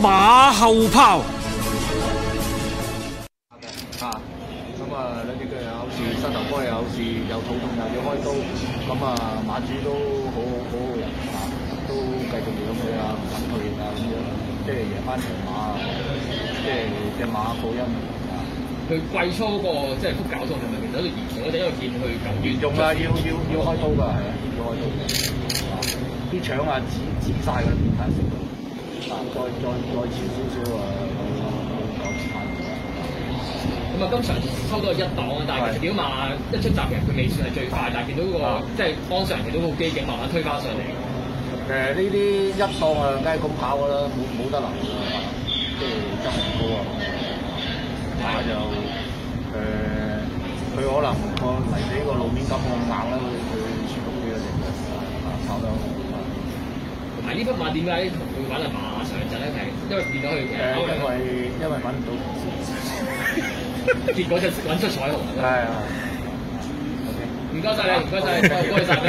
馬後炮。啊，咁啊，兩隻腳又好似膝頭哥又好似又肚痛又要開刀，咁啊馬主都好好好人啊，都繼續養佢啊，唔敢去啊咁樣，即係夜班養馬即係隻馬保陰啊。佢季初嗰個即係腹絞痛係咪？原來喺度嚴重，我哋因為見佢咁嚴重。用啦，要要要開刀噶，係啊，要開刀。啲腸啊，剪剪曬佢，點解？再再再前少少啊！咁咁啊，咁相啊關，今場抽到一檔啊！但係見到馬一出閘嘅佢未算係最快，的但係見到、那個即係剛上，見到個機警慢慢推返上嚟。誒呢啲一檔啊，梗係咁跑噶啦，冇冇得諗。即係爭唔高啊！馬就誒，佢的、嗯、可能個泥地個路面感冇咁硬啦，佢舒服啲、就是、啊，跑得。埋呢匹馬點解揾啊馬上就一齊？因為變咗佢，因為因為揾唔到，結果就揾出彩虹。係啊，唔該晒你，唔該晒，多謝晒你。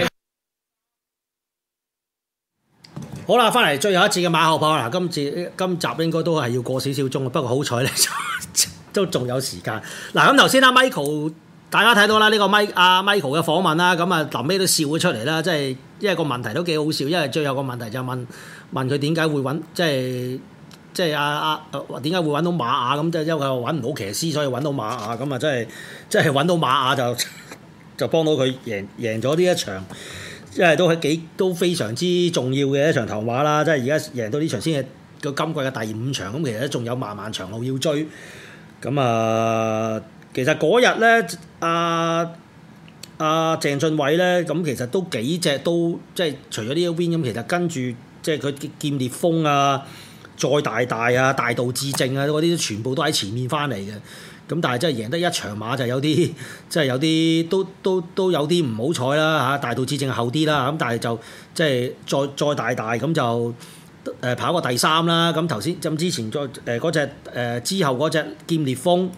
好啦，翻嚟最後一次嘅馬後炮啦。今次今集應該都係要過少少鐘啊。不過好彩咧，都仲有時間。嗱，咁頭先啦，Michael。大家睇到啦，呢個麥阿 Michael 嘅訪問啦，咁啊臨尾都笑咗出嚟啦，即係因為個問題都幾好笑，因為最後個問題就問問佢點解會揾即係即係阿阿點解會揾到馬啊？咁即係因為佢揾唔到騎師，所以揾到馬啊！咁啊，即係即係揾到馬啊就就幫到佢贏贏咗呢一場，即係都係幾都非常之重要嘅一場頭馬啦。即係而家贏到呢場先係個今季嘅第五場，咁其實仲有漫漫長路要追，咁啊。呃其實嗰日咧，阿阿鄭俊偉咧，咁其實都幾隻都即係除咗呢一邊，咁，其實跟住即係佢劍烈風啊，再大大啊，大道至正啊，嗰啲全部都喺前面翻嚟嘅。咁但係真係贏得一場馬就有啲，即係有啲都都都都有啲唔好彩啦嚇。大道至正後啲啦，咁但係就即係再再大大咁就誒跑過第三啦。咁頭先咁之前再誒嗰隻誒之後嗰隻劍烈風。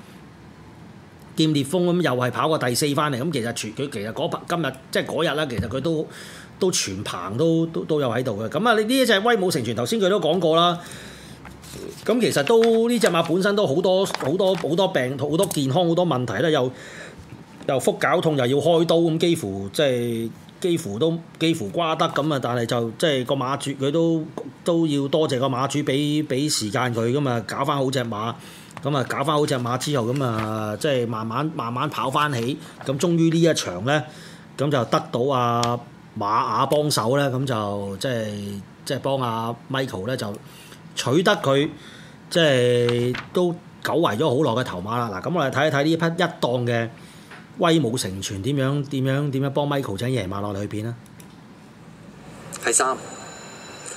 劍烈風咁又係跑過第四翻嚟，咁其實全佢其實今日即係嗰日啦，其實佢都都全棚都都都有喺度嘅。咁啊，呢呢隻威武成全頭先佢都講過啦。咁其實都呢隻馬本身都好多好多好多病痛好多健康好多問題啦，又又腹絞痛又要開刀咁，幾乎即係幾乎都幾乎瓜得咁啊！但係就即係個馬主佢都都要多謝個馬主俾俾時間佢㗎嘛。搞翻好隻馬。咁啊，搞翻好隻馬之後，咁啊，即係慢慢慢慢跑翻起。咁終於呢一場咧，咁、嗯、就得到阿馬雅幫手咧，咁、嗯、就即係即係幫阿 Michael 咧就取得佢，即係都久違咗好耐嘅頭馬啦。嗱，咁我哋睇一睇呢一匹一檔嘅威武成全點樣點樣點樣幫 Michael 將野馬落嚟去邊啦。係三。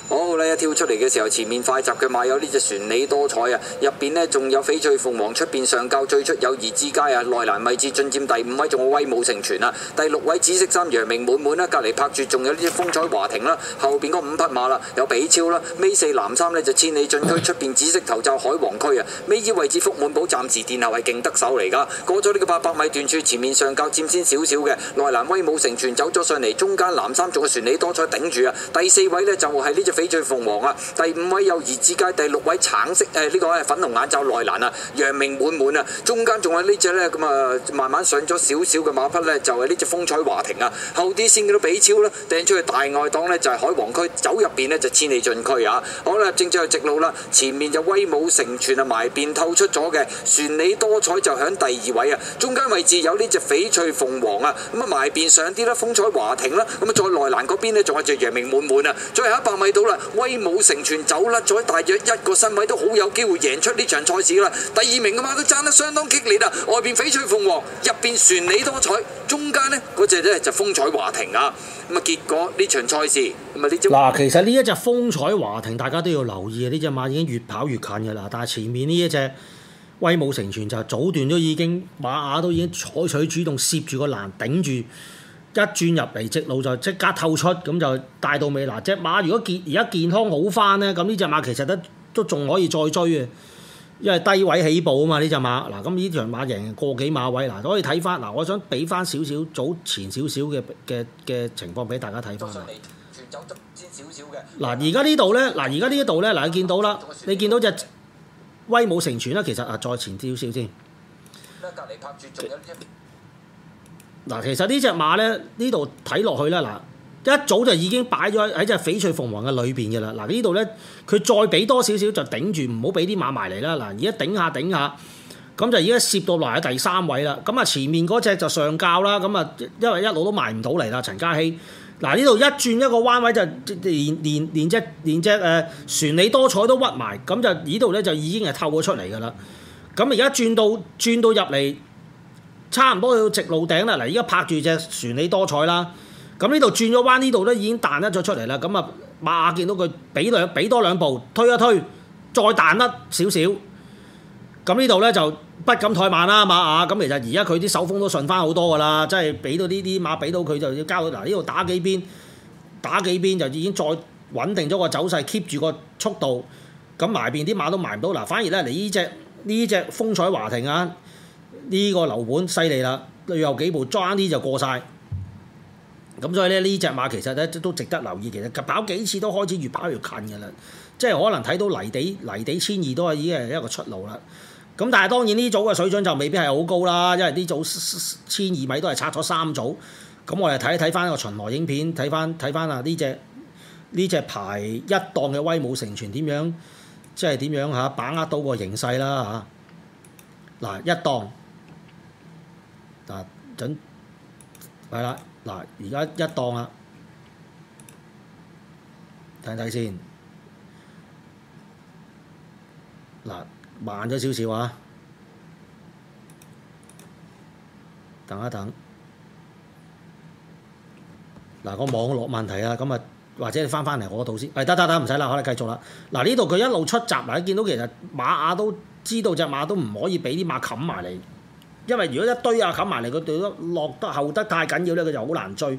好啦，一，哦，跳出嚟嘅時候，前面快閘嘅馬有呢隻旋律多彩啊，入邊呢仲有翡翠鳳凰，出邊上教最出友誼之佳啊，內欄位置進佔第五位，仲有威武成全啊，第六位紫色衫揚名滿滿啦，隔籬拍住仲有呢隻風采華庭啦，後邊嗰五匹馬啦，啊，有比超啦，啊，尾四藍衫呢，就千里進區，出邊紫色頭罩海王區啊，尾二位置福滿寶暫時殿後係勁得手嚟噶。過咗呢個八百米段處，前面上教佔先少少嘅，內欄威武成全走咗上嚟，中間藍衫仲有旋律多彩頂住啊，第四位呢，就係呢隻。翡翠鳳凰啊，第五位有怡之街，第六位橙色誒呢、呃這個係粉紅眼罩內蘭啊，陽明滿滿啊，中間仲有隻呢隻咧咁啊，慢慢上咗少少嘅馬匹咧，就係、是、呢隻風采華庭啊，後啲先見到比超啦，掟出去大外檔咧就係、是、海皇區，走入邊咧就千里駿駒啊，好啦，正着直路啦，前面就威武成全啊，埋邊透出咗嘅，絢麗多彩就響第二位啊，中間位置有呢隻翡翠鳳凰啊，咁啊埋邊上啲啦，風采華庭啦，咁啊再內蘭嗰邊咧仲有隻陽明滿滿啊，再行一百米到。威武成全走甩咗大約一個身位，都好有機會贏出呢場賽事啦。第二名嘅馬都爭得相當激烈啦。外邊翡翠鳳凰，入邊絢麗多彩，中間呢嗰隻咧就是、風采華庭啊。咁啊，結果呢場賽事咁啊，呢隻嗱，其實呢一隻風采華庭，大家都要留意啊。呢隻馬已經越跑越近嘅啦，但係前面呢一隻威武成全就早段都已經馬眼都已經採取主動，攝住個欄頂住。一轉入嚟，直路就即刻透出，咁就大到尾。嗱，隻馬如果健而家健康好翻呢，咁呢隻馬其實都都仲可以再追啊，因為低位起步啊嘛呢隻馬。嗱，咁呢場馬贏過幾馬位嗱，可以睇翻嗱。我想俾翻少少早前少少嘅嘅嘅情況俾大家睇翻。嗱，而家呢度呢，嗱，而家呢度呢，嗱，你，見，你見到啦，你見到隻威武成全啦，其實啊，再前少少先。隔離拍住仲有嗱，其實隻呢隻馬咧，呢度睇落去咧，嗱，一早就已經擺咗喺隻翡翠鳳凰嘅裏邊嘅啦。嗱，呢度咧，佢再俾多少少就頂住，唔好俾啲馬埋嚟啦。嗱，而家頂下頂下，咁就而家攝到落喺第三位啦。咁啊，前面嗰隻就上較啦。咁啊，因為一路都埋唔到嚟啦，陳嘉希。嗱，呢度一轉一個彎位就連連連隻連隻誒、呃、船你多彩都屈埋，咁就呢度咧就已經係透咗出嚟㗎啦。咁而家轉到轉到入嚟。差唔多去到直路頂啦！嗱，依家拍住隻船你多彩啦，咁呢度轉咗彎，呢度咧已經彈得咗出嚟啦。咁啊，馬亞見到佢俾兩俾多兩步，推一推，再彈得少少。咁呢度咧就不敢太慢啦，馬亞！咁其實而家佢啲手風都順翻好多噶啦，即係俾到呢啲馬，俾到佢就要交，嗱，呢度打幾邊，打幾邊就已經再穩定咗個走勢，keep 住個速度。咁埋邊啲馬都埋唔到，嗱，反而咧嚟呢隻呢隻風彩華庭啊！呢個樓盤犀利啦，再有幾步揸啲就過晒。咁所以咧，呢隻馬其實咧都值得留意。其實及跑幾次都開始越跑越近嘅啦，即係可能睇到泥地泥地千二都已經係一個出路啦。咁但係當然呢組嘅水準就未必係好高啦，因為呢組千二米都係拆咗三組。咁我哋睇一睇翻個巡邏影片，睇翻睇翻啊呢隻呢隻牌一檔嘅威武成全點樣，即係點樣嚇把握到個形勢啦嚇。嗱，啊，一檔。嗱，準係啦，嗱，而家一檔啦，睇睇先。嗱，慢咗少少啊，等一等。嗱，個網絡問題啊，咁啊，或者你翻翻嚟我度先。誒，得得得，唔使啦，可以繼續啦。嗱，呢度佢一路出閘埋，見到其實馬雅都知道隻馬都唔可以俾啲馬冚埋嚟，因為如果一堆啊冚埋嚟，佢對得落得後得太緊要咧，佢就好難追。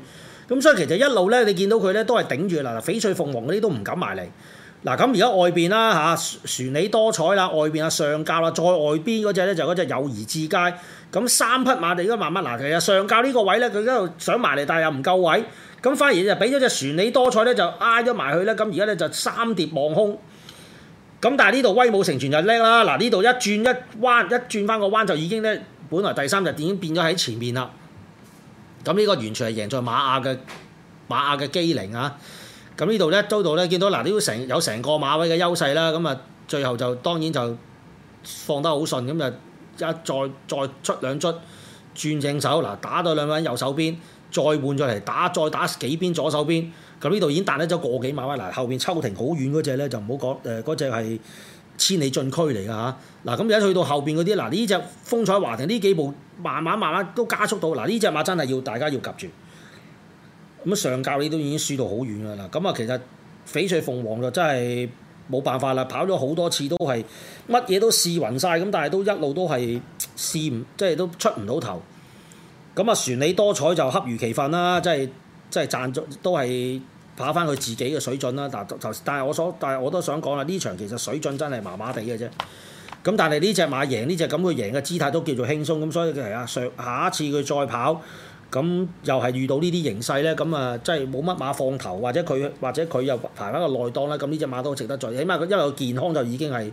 咁所以其實一路咧，你見到佢咧都係頂住，嗱嗱翡翠鳳凰嗰啲都唔敢埋嚟。嗱咁而家外邊啦嚇，船你多彩啦，外邊啊上教啦，再外邊嗰隻咧就嗰隻友誼至佳。咁三匹馬哋都慢慢嗱，其實上教呢個位咧佢一路想埋嚟，但係又唔夠位，咁反而就俾咗隻船你多彩咧就挨咗埋去咧。咁而家咧就三碟望空。咁但係呢度威武成全就叻啦。嗱呢度一轉一彎，一轉翻個彎就已經咧。本來第三日已經變咗喺前面啦，咁呢個完全係贏在馬亞嘅馬亞嘅機靈啊！咁呢度咧，周道咧見到嗱，呢度成有成個馬位嘅優勢啦，咁啊，最後就當然就放得好順，咁就一再再出兩卒轉正手，嗱、啊、打到兩位右手邊，再換咗嚟打，再打幾邊左手邊，咁呢度已經彈得咗個幾馬位。嗱、啊、後面抽停好遠嗰隻咧就唔好講，誒嗰隻係。千里進區嚟㗎吓，嗱咁而家去到後邊嗰啲，嗱呢隻風彩華庭呢幾步，慢慢慢慢都加速到，嗱呢隻馬真係要大家要夾住。咁、啊、上教你都已經輸到好遠㗎啦，咁啊，啊其實翡翠鳳凰就真係冇辦法啦，跑咗好多次都係乜嘢都試勻晒。咁但係都一路都係試唔即係都出唔到頭。咁啊船你多彩就恰如其分啦，真係真係賺咗都係。跑翻佢自己嘅水準啦，但係我所，但係我都想講啦，呢場其實水準真係麻麻地嘅啫。咁但係呢隻馬贏呢隻咁，佢贏嘅姿態都叫做輕鬆。咁所以佢係啊，上下一次佢再跑，咁又係遇到呢啲形勢咧，咁啊，即係冇乜馬放頭，或者佢，或者佢又排翻個內檔啦。咁呢隻馬都值得再，起碼因為健康就已經係。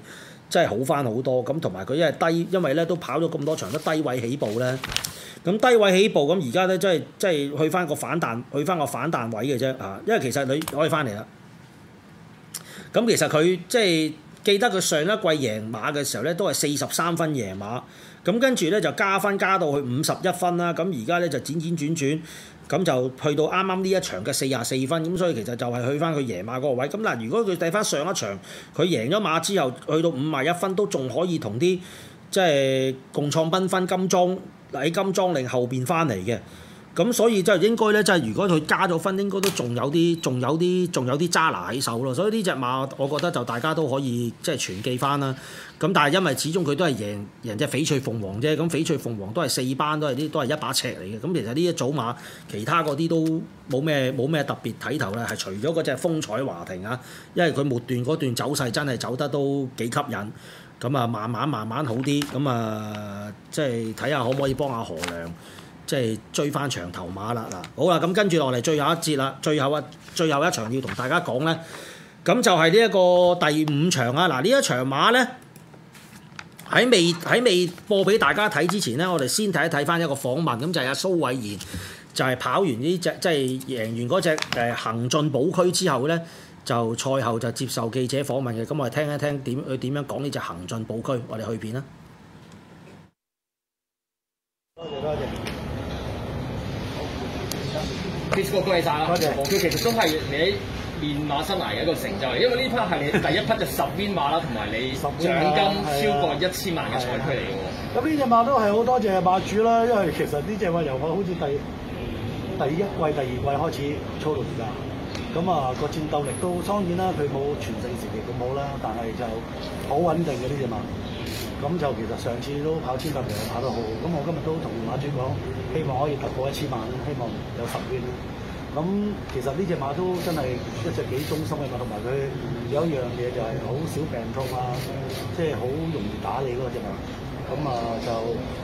真係好翻好多，咁同埋佢因為低，因為咧都跑咗咁多場都低位起步咧，咁低位起步，咁而家咧真係即係去翻個反彈，去翻個反彈位嘅啫，啊，因為其實你可以翻嚟啦。咁其實佢即係記得佢上一季贏馬嘅時候咧，都係四十三分贏馬。咁跟住咧就加分，加到去五十一分啦。咁而家咧就輾輾轉轉，咁、啊、就去到啱啱呢一場嘅四十四分。咁、啊、所以其實就係去翻佢贏馬嗰個位。咁、啊、嗱，如果佢睇翻上一場，佢贏咗馬之後，去到五十一分都仲可以同啲即係共創繽紛金裝，喺金裝令後邊翻嚟嘅。咁所以就係應該咧，即係如果佢加咗分，應該都仲有啲，仲有啲，仲有啲揸拿喺手咯。所以呢隻馬，我覺得就大家都可以即係存記翻啦。咁但係因為始終佢都係贏人，隻翡翠鳳凰啫。咁翡翠鳳凰都係四班，都係啲都係一把尺嚟嘅。咁其實呢一組馬，其他嗰啲都冇咩冇咩特別睇頭咧。係除咗嗰隻風彩華庭啊，因為佢末段嗰段走勢真係走得都幾吸引。咁啊，慢慢慢慢好啲。咁啊，即係睇下可唔可以幫下何良。即係追翻長頭馬啦，嗱，好啦，咁跟住落嚟最後一節啦，最後啊，最後一場要同大家講咧，咁就係呢一個第五場啊，嗱，呢一場馬咧，喺未喺未播俾大家睇之前咧，我哋先睇一睇翻一個訪問，咁就係阿蘇偉賢就，就係跑完呢隻即係贏完嗰隻誒行進寶區之後咧，就賽後就接受記者訪問嘅，咁我哋聽一聽點佢點樣講呢隻行進寶區，我哋去片啦。f a c e b 佢其實都係你喺練馬生涯嘅一個成就嚟，因為呢匹係你第一匹就十鞭馬啦，同埋 你十獎金超過一千萬嘅賽駒嚟嘅喎。咁呢隻馬都係好多謝馬主啦，因為其實呢隻馬由我好似第第一季、第二季開始操到而家，咁啊個戰鬥力都當然啦，佢冇全盛時期咁好啦，但係就好穩定嘅呢隻馬。咁就其實上次都跑千百其實都好，咁我今日都同馬主講，希望可以突破一千萬，希望有十圈啦。咁其實呢隻馬都真係一直幾忠心嘅嘛，同埋佢有一樣嘢就係好少病痛啊，即係好容易打理嗰隻馬。咁啊，就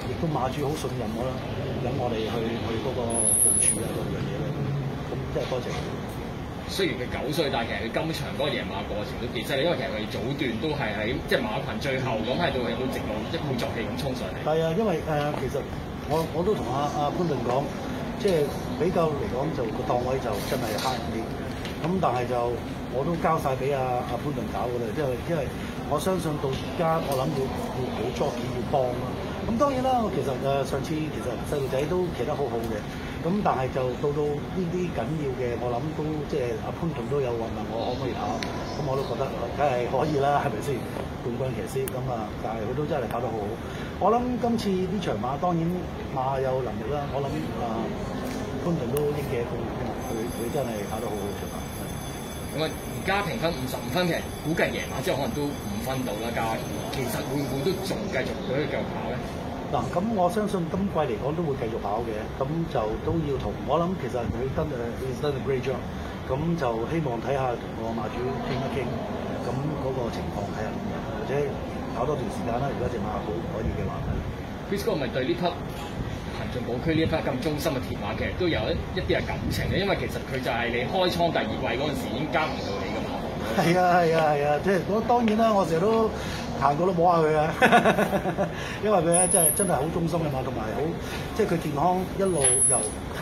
亦都馬主好信任我啦，揾我哋去去嗰個部署啊嗰樣嘢咧。咁真係多謝。雖然佢九歲，但係其實佢今場嗰個夜馬過程都幾犀利，因為其實佢早段都係喺即係馬群最後咁，係度有冇直路一鼓作氣咁衝上嚟。係啊，因為誒、呃、其實我我都同阿阿潘頓講，即係比較嚟講就個檔位就真係慳啲，咁但係就我都交晒俾阿阿潘頓搞㗎啦，因、就、為、是、因為我相信到而家我諗要要，要好作要幫啦。咁、啊、當然啦，其實誒、啊、上次其實細路仔都騎得好好嘅。咁、嗯、但係就到到呢啲緊要嘅，我諗都即係阿潘頓都有問問我可唔可以跑。咁、 啊嗯、我都覺得梗係可以啦，係咪先？冠軍騎師咁啊，但係佢都真係跑得好好。我諗今次呢場馬當然馬有能力啦，我諗啊潘頓都益嘅，佢佢真係跑得好好嘅馬。咁啊，而家評分五十五分嘅，估計贏馬之後可能都唔分到啦，家。其實會唔會都仲繼續可以繼續跑咧？嗱咁，啊、我相信今季嚟講都會繼續跑嘅，咁就都要同我諗其實佢今日 instant a great job 咁就希望睇下同個馬主傾一傾，咁、呃、個情況睇下點，或者跑多段時間啦。如果隻馬好可以嘅話，係啦，Bisco 咪對呢匹行政保區呢匹咁中心嘅鐵馬其實都有一一啲嘅感情嘅，因為其實佢就係你開倉第二季陣時已經加唔到你。係啊係啊係啊！即係我當然啦，我成日都行過都摸下佢啊， 因為佢咧真係真係好忠心啊嘛，同埋好即係佢健康一路由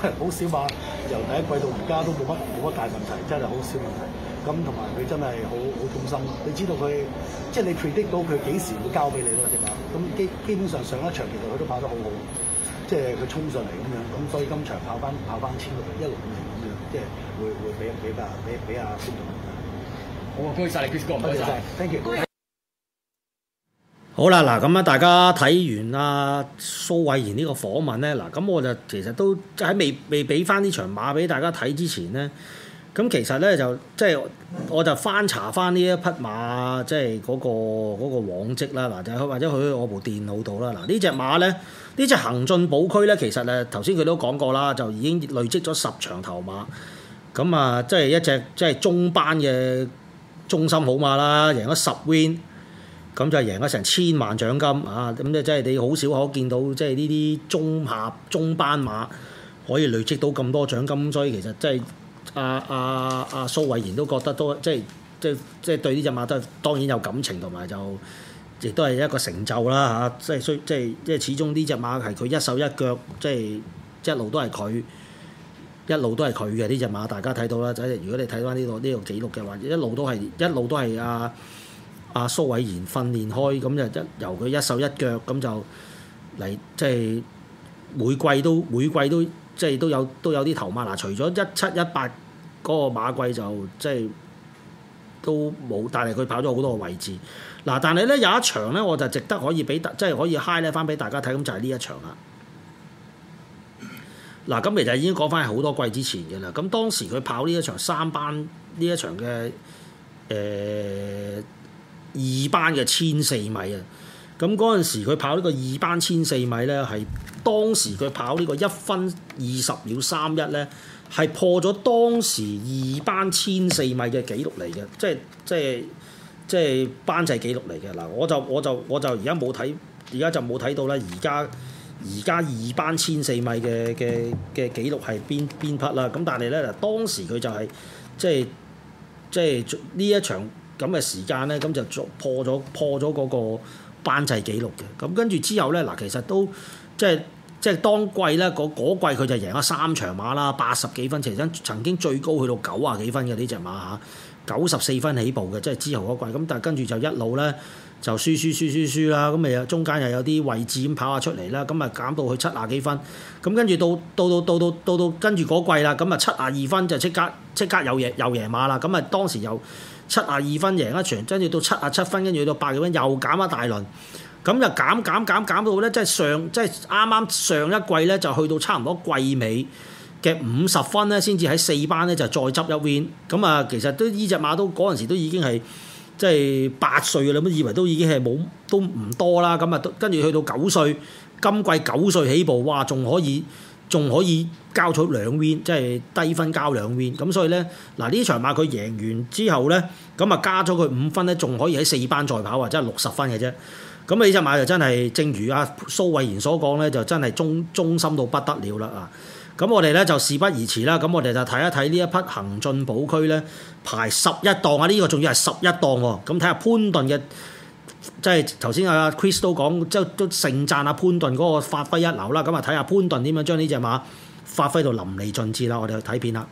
好少嘛，由第一季到而家都冇乜冇乜大問題，真係好少問題。咁同埋佢真係好好忠心嘅。你知道佢即係你 predict 到佢幾時會交俾你咯，隻、那個、馬咁基基本上上一場其實佢都跑得好好，即係佢衝上嚟咁樣咁，所以今場跑翻跑翻千六度一六五咁樣，即係會會俾俾阿俾俾阿孫好，好啦，嗱咁啊，大家睇完阿蘇慧賢呢個訪問咧，嗱，咁我就其實都喺未未俾翻呢場馬俾大家睇之前咧，咁其實咧就即係我就翻查翻呢一匹馬，即係嗰個嗰個往績啦，嗱，就或者去我部電腦度啦，嗱，呢隻馬咧，呢隻行進寶區咧，其實咧頭先佢都講過啦，就已經累積咗十場頭馬，咁啊，即係一隻即係、就是、中班嘅。中心好馬啦，贏咗十 win，咁就係贏咗成千萬獎金啊！咁、嗯、即係真係你好少可見到，即係呢啲中下中班馬可以累積到咁多獎金，所以其實即係阿阿阿蘇慧賢都覺得都即係即係即係對呢隻馬都當然有感情同埋就亦都係一個成就啦嚇、啊！即係需即係即係始終呢隻馬係佢一手一腳，即係一路都係佢。一路都係佢嘅呢隻馬，大家睇到啦。就如果你睇翻呢個呢個記錄嘅話，一路都係一路都係阿阿蘇偉賢訓練開，咁就一由佢一手一腳咁就嚟，即係每季都每季都即係都有都有啲頭馬。嗱，除咗一七一八嗰個馬季就即係都冇，但係佢跑咗好多個位置。嗱，但係咧有一場咧，我就值得可以俾即係可以 high 咧翻俾大家睇，咁就係呢一場啦。嗱，咁其實已經講翻好多季之前嘅啦。咁當時佢跑呢一場三班呢一場嘅誒、呃、二班嘅千四米啊，咁嗰陣時佢跑呢個二班千四米呢，係當時佢跑呢個一分二十秒三一呢，係破咗當時二班千四米嘅紀錄嚟嘅，即係即係即係班制記錄嚟嘅。嗱，我就我就我就而家冇睇，而家就冇睇到啦。而家。而家二班千四米嘅嘅嘅紀錄係邊邊匹啦？咁但係咧，嗱當時佢就係、是、即係即係呢一場咁嘅時間咧，咁就，就破咗破咗嗰個班制紀錄嘅。咁跟住之後咧，嗱其實都即係即係當季咧，嗰季佢就贏咗三場馬啦，八十幾分，其實曾經最高去到九啊幾分嘅呢隻馬嚇，九十四分起步嘅，即係之後嗰季。咁但係跟住就一路咧。就輸輸輸輸輸啦，咁咪有中間又有啲位置咁跑下出嚟啦，咁咪減到去七啊幾分，咁跟住到到到到到到跟住嗰季啦，咁啊七啊二分就即刻即刻又贏又贏馬啦，咁啊當時又七啊二分贏一場，跟住到七啊七分，跟住到八幾分又減一大輪，咁就減減減減到咧，即係上即係啱啱上一季咧就去到差唔多季尾嘅五十分咧，先至喺四班咧就再執入圍，咁啊其實都呢隻馬都嗰陣時都已經係。即係八歲你都以為都已經係冇都唔多啦，咁啊跟住去到九歲，今季九歲起步，哇，仲可以仲可以交出兩 win，即係低分交兩 win，咁所以咧嗱，呢場馬佢贏完之後咧，咁啊加咗佢五分咧，仲可以喺四班再跑，或者係六十分嘅啫，咁呢隻馬就真係正如阿蘇慧賢所講咧，就真係忠忠心到不得了啦啊！咁我哋咧就事不宜遲啦，咁我哋就睇一睇呢一匹行進寶區咧排十一檔啊！呢、呢個仲要係十一檔喎，咁睇下潘頓嘅即係頭先阿 Chris 都講，即係都盛讚阿潘頓嗰個發揮一流啦，咁啊睇下潘頓點樣將呢隻馬發揮到淋漓盡致啦，我哋去睇片啦，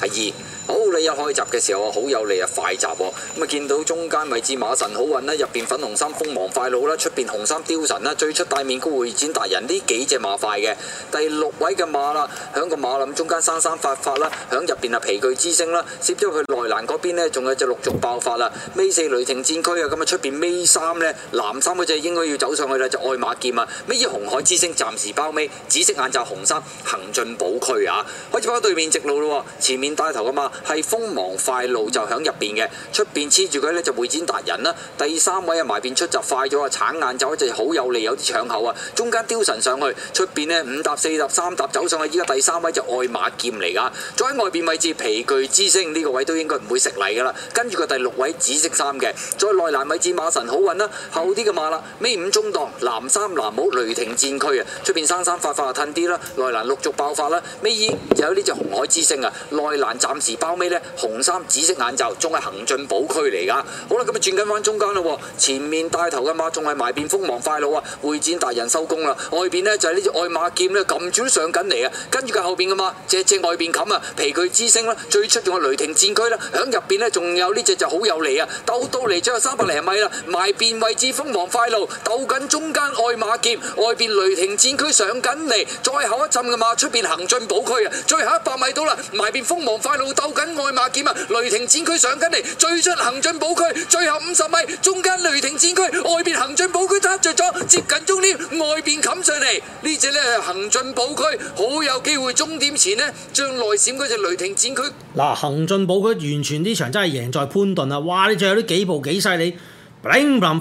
啊、2 第二。好，你一快集嘅時候啊，好有利啊，快閘咁、哦、啊！見到中間位置馬神好運啦，入邊粉紅衫鋒芒快老啦，出邊紅衫貂神啦，最出大面高會展達人呢幾隻馬快嘅。第六位嘅馬啦，響個馬林中間生生發發啦，響入邊啊皮具之星啦，攝咗去內欄嗰邊呢，仲有隻陸續爆發啦。尾四雷霆戰區啊，咁啊出邊尾三呢，藍衫嗰隻應該要走上去啦，就愛馬劍啊。尾一紅海之星暫時包尾，紫色眼罩紅衫行進保區啊，開始包對面直路啦，前面帶頭噶嘛。係鋒芒快露，就響入邊嘅，出邊黐住佢呢，就會展達人啦。第三位啊埋邊出閘就快咗啊，橙眼走一隻好有利。有啲搶口啊。中間雕神上去，出邊呢五搭四搭三搭走上去，依家第三位就愛馬劍嚟噶。再喺外邊位置皮具之星呢個位都應該唔會食泥噶啦。跟住個第六位紫色衫嘅，再內欄位置馬神好運啦，後啲嘅馬啦，尾五中檔藍衫藍帽雷霆戰區啊，出邊生生發發啊褪啲啦，內欄陸續爆發啦，尾二有呢隻紅海之星啊，內欄暫時。包尾呢，紅衫紫色眼罩，仲係行進寶區嚟噶。好啦，咁啊轉緊翻中間啦，前面帶頭嘅馬仲係埋邊鋒芒快路啊，會展大人收工啦。外邊呢，就係呢隻愛馬劍呢，撳住都上緊嚟啊。跟住佢後邊嘅馬，只隻外邊冚啊，皮具之聲啦，最出嘅雷霆戰區啦，響入邊呢，仲有呢隻就好有利啊，鬥到嚟有三百零米啦，埋邊位置鋒芒快路，鬥緊中間愛馬劍，外邊雷霆戰區上緊嚟，再後一陣嘅馬出邊行進寶區啊，最後一百米到啦，埋邊鋒芒快路鬥。緊外馬劍啊！雷霆戰區上緊嚟，最出行進保區，最後五十米，中間雷霆戰區，外邊行進保區揸住咗，接近終點外邊冚上嚟，呢隻咧係行進保區，好有機會終點前咧將內閃嗰隻雷霆戰區，嗱行進保區完全呢場真係贏在潘頓啦！哇，你仲有啲幾步幾犀利，砰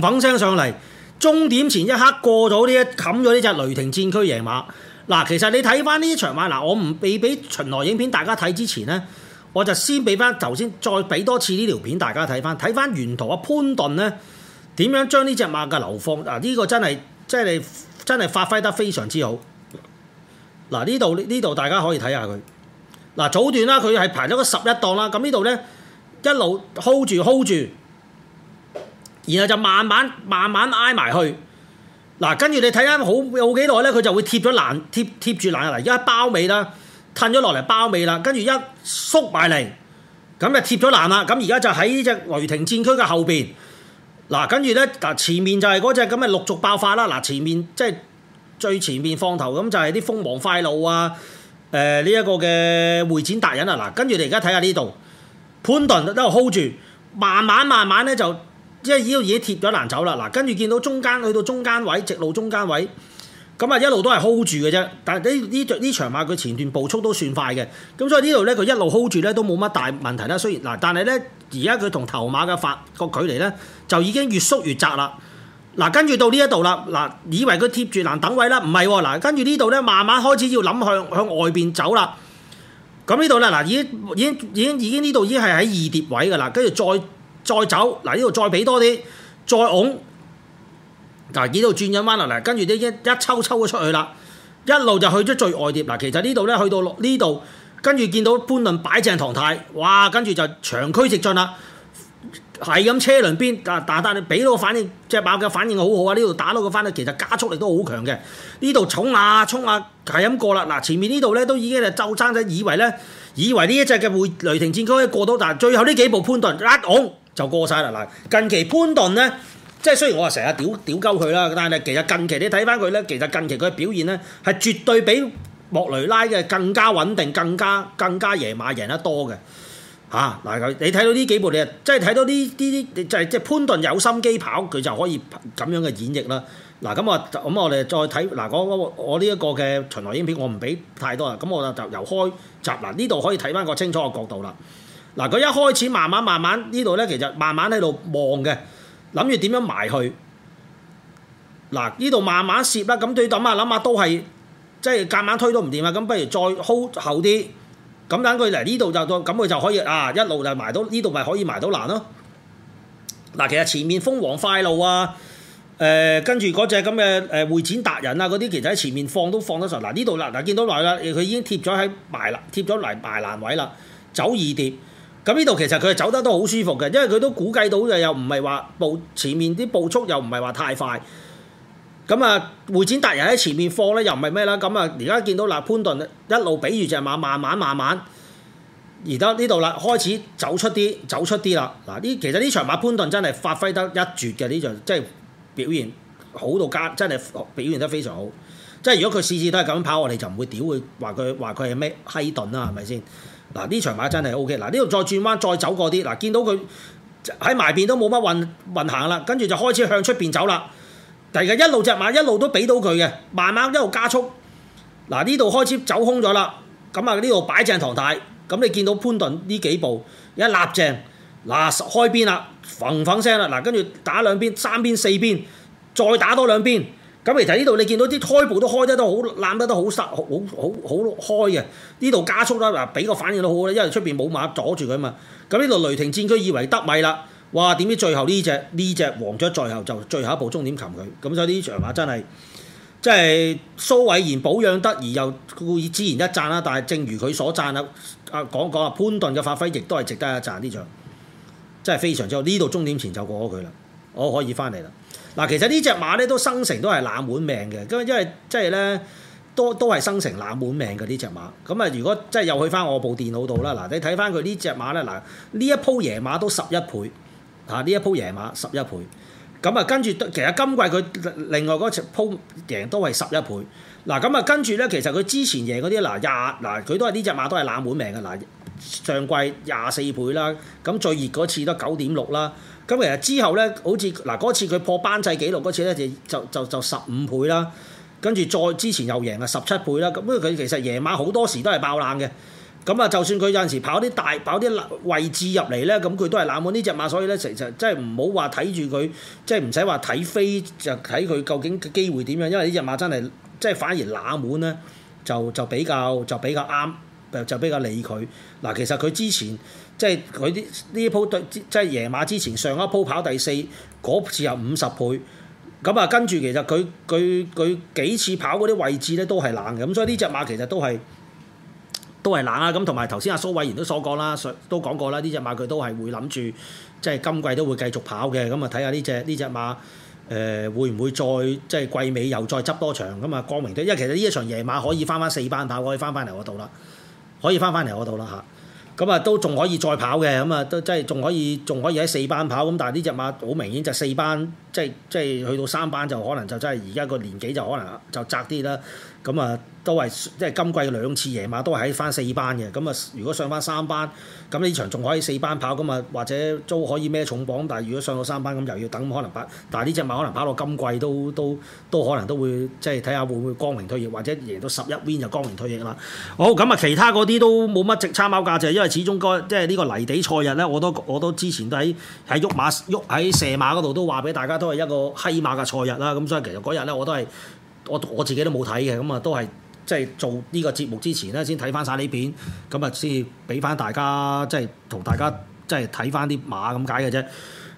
砰聲上嚟，終點前一刻過咗呢一冚咗呢隻雷霆戰區贏馬。嗱，其實你睇翻呢一場馬，嗱，我唔俾俾巡邏影片大家睇之前咧，我就先俾翻頭先，再畀多次呢條片大家睇翻，睇翻沿途阿潘頓咧點樣將呢隻馬嘅流放，嗱、啊、呢、呢個真係即係真係發揮得非常之好。嗱，呢度呢度大家可以睇下佢，嗱、啊、早段啦，佢係排咗個十一檔啦，咁呢度咧一路 hold 住 hold 住，然後就慢慢慢慢挨埋去。嗱，跟住你睇下，好有幾耐咧，佢就會貼咗欄，貼貼住欄入嚟，一包尾啦，褪咗落嚟包尾啦，跟住一縮埋嚟，咁就貼咗欄啦。咁而家就喺呢隻雷霆戰區嘅後邊。嗱，跟住咧嗱，前面就係嗰隻咁嘅陸續爆發啦。嗱，前面即係最前面放頭咁就係啲瘋狂快路啊，誒呢一個嘅會展達人啊。嗱，跟住你而家睇下呢度，潘頓都喺度 hold 住，慢慢慢慢咧就。即係已經已經貼咗欄走啦，嗱，跟住見到中間去到中間位，直路中間位，咁啊一路都係 hold 住嘅啫。但係呢呢呢場馬佢前段步速都算快嘅，咁所以呢度咧佢一路 hold 住咧都冇乜大問題啦。雖然嗱，但係咧而家佢同頭馬嘅發個距離咧就已經越縮越窄啦。嗱，跟住到呢一度啦，嗱，以為佢貼住欄等位啦，唔係喎，嗱，跟住呢度咧慢慢開始要諗向向外邊走啦。咁呢度啦，嗱，已經已經已經已經呢度已經係喺二疊位嘅啦，跟住再。再走嗱，呢度再畀多啲再拱。嗱，呢度轉咗彎落嚟，跟住啲一一抽一抽咗出去啦，一路就去咗最外碟嗱。其實呢度咧去到呢度，跟住見到潘頓擺正唐太，哇！跟住就長驅直進啦，係咁車輪邊，但但但你畀到個反應，隻馬嘅反應好好啊！呢度打到佢翻咧，其實加速力都好強嘅。呢度衝下衝下係咁過啦。嗱，前面呢度咧都已經就就爭仔以為咧，以為呢一隻嘅雷雷霆戰車可以過到但係最後呢幾步潘頓一拱。就過晒啦！嗱，近期潘頓咧，即係雖然我係成日屌屌鳩佢啦，但係咧其實近期你睇翻佢咧，其實近期佢嘅表現咧係絕對比莫雷拉嘅更加穩定、更加更加贏馬贏得多嘅嚇。嗱、啊，你睇到呢幾部，你啊即係睇到呢啲啲，就係即係潘頓有心機跑，佢就可以咁樣嘅演繹啦。嗱、啊，咁啊咁，我哋再睇嗱，我我呢一個嘅巡邏影片，我唔俾太多啦。咁我就由由開集嗱，呢、啊、度可以睇翻個清楚嘅角度啦。嗱，佢一開始慢慢慢慢呢度咧，其實慢慢喺度望嘅，諗住點樣埋去？嗱，呢度慢慢攝啦，咁對等下，諗下都係即係夾硬推都唔掂啊，咁不如再 hold 後啲，咁等佢嚟呢度就都，咁佢就可以啊一路就埋到呢度咪可以埋到，埋到欄咯。嗱，其實前面風王快路啊，誒跟住嗰隻咁嘅誒會展達人啊嗰啲，其實喺前面放都放得順。嗱呢度啦，嗱見到嚟啦，佢已經貼咗喺埋啦，貼咗嚟埋欄位啦，走二疊。咁呢度其實佢係走得都好舒服嘅，因為佢都估計到嘅，又唔係話步前面啲步速，又唔係話太快。咁啊，會展達人喺前面放咧又唔係咩啦。咁啊，而家見到嗱，潘頓一路比喻隻馬慢慢慢慢，而家呢度啦，開始走出啲走出啲啦。嗱，呢其實呢場馬潘頓真係發揮得一絕嘅，呢場即係表現好到家，真係表現得非常好。即係如果佢次次都係咁跑，我哋就唔會屌佢話佢話佢係咩閪頓啦，係咪先？嗱呢場馬真係 O K 嗱呢度再轉彎再走過啲嗱見到佢喺埋邊都冇乜運運行啦，跟住就開始向出邊走啦。第二一路隻馬一路都俾到佢嘅，慢慢一路加速。嗱呢度開始走空咗啦，咁啊呢度擺正堂太咁你見到潘頓呢幾步一立正嗱開邊啦，砰砰聲啦嗱跟住打兩邊三邊四邊再打多兩邊。咁其實呢度你見到啲開步都開得都好攬得都好塞好好好好開嘅，呢度加速啦，嗱俾個反應都好啦，因為出邊冇馬阻住佢嘛。咁呢度雷霆戰區以為得米啦，哇，點知最後呢隻呢隻黃雀在後，就最後一步終點擒佢。咁所以呢場馬真係真係蘇偉賢保養得宜，又固然自然一讚啦。但係正如佢所讚啊講講，啊潘頓嘅發揮亦都係值得一讚呢場，真係非常之好。呢度終點前就過咗佢啦，我可以翻嚟啦。嗱，其實隻呢隻馬咧都生成都係冷門命嘅，咁因為即係咧都都係生成冷門命嘅呢隻馬。咁啊，如果即係又去翻我部電腦度啦，嗱，你睇翻佢呢隻馬咧，嗱呢一鋪贏馬都十一倍嚇，呢一鋪贏馬十一倍。咁啊，跟住其實今季佢另外嗰一鋪贏都係十一倍。嗱，咁啊，跟住咧，其實佢之前贏嗰啲嗱廿嗱，佢、啊啊、都係呢隻馬都係冷門命嘅嗱。啊上季廿四倍啦，咁最熱嗰次都九點六啦，咁其實之後咧，好似嗱嗰次佢破班制紀錄嗰次咧，就就就十五倍啦，跟住再之前又贏啊十七倍啦，咁佢其實夜晚好多時都係爆冷嘅，咁啊就算佢有陣時跑啲大跑啲位置入嚟咧，咁佢都係冷門呢隻馬，所以咧其實即係唔好話睇住佢，即係唔使話睇飛就睇佢究竟機會點樣，因為呢隻馬真係即係反而冷門咧，就就比較就比較啱。就比較理佢嗱，其實佢之前即係佢啲呢一鋪對即係夜馬之前上一鋪跑第四嗰次有五十倍咁啊，跟住其實佢佢佢幾次跑嗰啲位置咧都係冷嘅，咁所以呢隻馬其實都係都係冷啊。咁同埋頭先阿蘇偉賢都所講啦，都講過啦，呢隻馬佢都係會諗住即係今季都會繼續跑嘅。咁啊，睇下呢隻呢隻馬誒、呃、會唔會再即係季尾又再執多場咁啊？光明啲，因為其實呢一場夜馬可以翻翻四班跑，可以翻翻嚟嗰度啦。可以翻返嚟我度啦吓。咁啊，都仲可以再跑嘅，咁啊，都即係仲可以，仲可以喺四班跑。咁但係呢隻馬好明顯就四班，即係即係去到三班就可能就真係而家個年紀就可能就窄啲啦。咁啊，都係即係今季兩次夜馬都係喺翻四班嘅。咁啊，如果上翻三班，咁呢場仲可以四班跑，咁啊或者都可以孭重磅。但係如果上到三班，咁又要等，可能八。但係呢隻馬可能跑到今季都都都可能都會，即係睇下會唔會光榮退役，或者贏到十一 win 就光榮退役啦。好，咁啊其他嗰啲都冇乜值參考價值，因為。始終該即係呢個泥地賽日咧，我都我都之前都喺喺喐馬喐喺射馬嗰度都話俾大家，都係一個黑馬嘅賽日啦。咁所以其實嗰日咧，我都係我我自己都冇睇嘅。咁啊，都係即係做呢個節目之前咧，先睇翻晒呢片，咁啊先俾翻大家，即係同大家即係睇翻啲馬咁解嘅啫。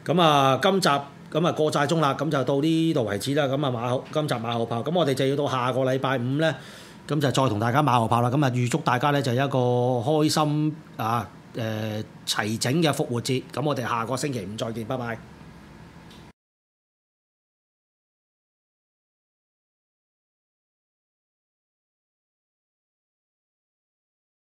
咁啊，今集咁啊、嗯、過晒鐘啦，咁就到呢度為止啦。咁啊馬後今集馬後炮，咁我哋就要到下個禮拜五咧。咁就再同大家馬後砲啦，咁啊預祝大家呢，就一個開心啊誒、呃、齊整嘅復活節，咁我哋下個星期五再見，拜拜。